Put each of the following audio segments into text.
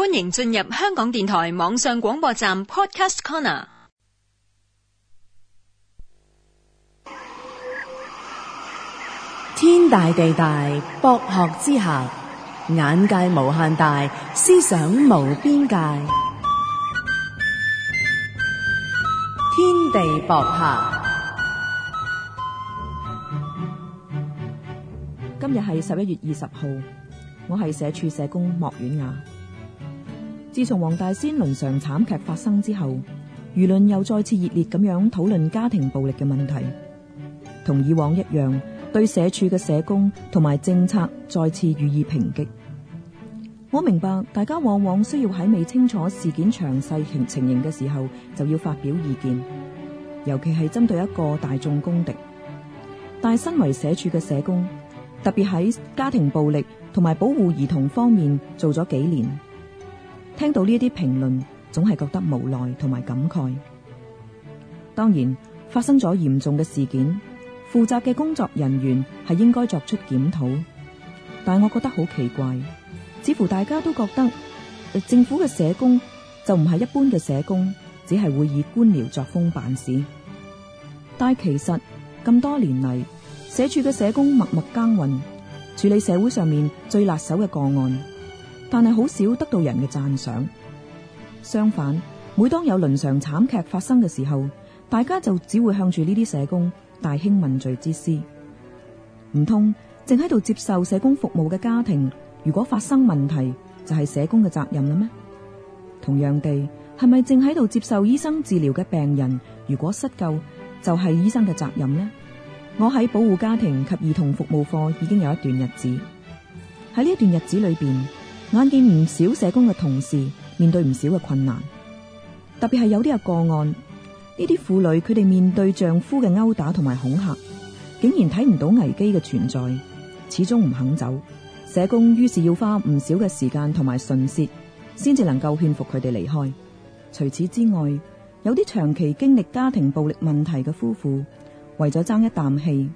歡迎進入香港電台網上廣播站 Podcast Corner。天大地大，博學之下；眼界無限大，思想無邊界。天地博客。今日係十一月二十號，我係社處社工莫婉雅。自從黃大仙倫常慘劇發生之後，輿論又再次熱烈咁樣討論家庭暴力嘅問題，同以往一樣，對社署嘅社工同埋政策再次予以抨擊。我明白大家往往需要喺未清楚事件詳細情形嘅時候，就要發表意見，尤其係針對一個大眾公敵。但係身為社署嘅社工，特別喺家庭暴力同埋保護兒童方面做咗幾年。聽到呢啲評論，總係覺得無奈同埋感慨。當然，發生咗嚴重嘅事件，負責嘅工作人員係應該作出檢討。但係我覺得好奇怪，似乎大家都覺得政府嘅社工就唔係一般嘅社工，只係會以官僚作風辦事。但係其實咁多年嚟，社署嘅社工默默耕耘，處理社會上面最辣手嘅個案。但係好少得到人嘅讚賞，相反，每當有倫常慘劇發生嘅時候，大家就只會向住呢啲社工大興問罪之師。唔通，正喺度接受社工服務嘅家庭，如果發生問題，就係社工嘅責任啦咩？同樣地，係咪正喺度接受醫生治療嘅病人，如果失救，就係醫生嘅責任呢？我喺保護家庭及兒童服務課已經有一段日子，喺呢一段日子裏邊。眼見唔少社工嘅同事面對唔少嘅困難，特別係有啲係個案，呢啲婦女佢哋面對丈夫嘅毆打同埋恐吓，竟然睇唔到危機嘅存在，始終唔肯走。社工於是要花唔少嘅時間同埋唇舌，先至能夠勸服佢哋離開。除此之外，有啲長期經歷家庭暴力問題嘅夫婦，為咗爭一啖氣，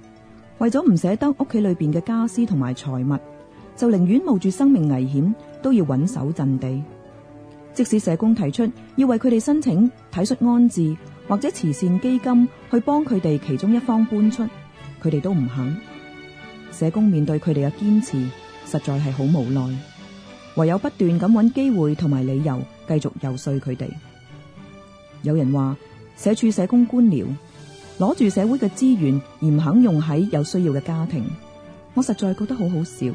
為咗唔捨得屋企裏邊嘅家私同埋財物，就寧願冒住生命危險。都要穩守陣地，即使社工提出要為佢哋申請體恤安置或者慈善基金去幫佢哋其中一方搬出，佢哋都唔肯。社工面對佢哋嘅堅持，實在係好無奈，唯有不斷咁揾機會同埋理由，繼續遊說佢哋。有人話社署社工官僚，攞住社會嘅資源而唔肯用喺有需要嘅家庭，我實在覺得好好笑。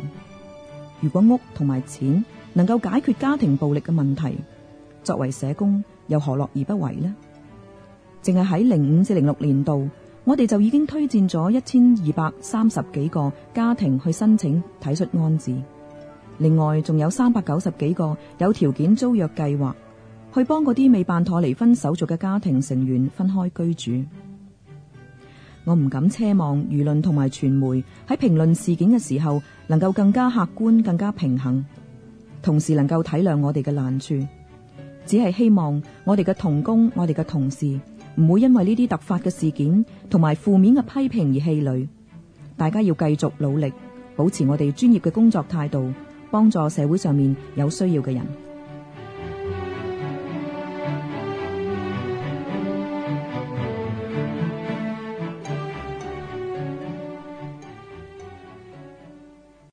如果屋同埋錢能夠解決家庭暴力嘅問題，作為社工又何樂而不為呢？淨係喺零五至零六年度，我哋就已經推薦咗一千二百三十幾個家庭去申請體恤安置，另外仲有三百九十幾個有條件租約計劃，去幫嗰啲未辦妥妥離婚手續嘅家庭成員分開居住。我唔敢奢望輿論同埋傳媒喺評論事件嘅時候，能夠更加客觀、更加平衡，同時能夠體諒我哋嘅難處。只係希望我哋嘅同工、我哋嘅同事，唔會因為呢啲突發嘅事件同埋負面嘅批評而氣餒。大家要繼續努力，保持我哋專業嘅工作態度，幫助社會上面有需要嘅人。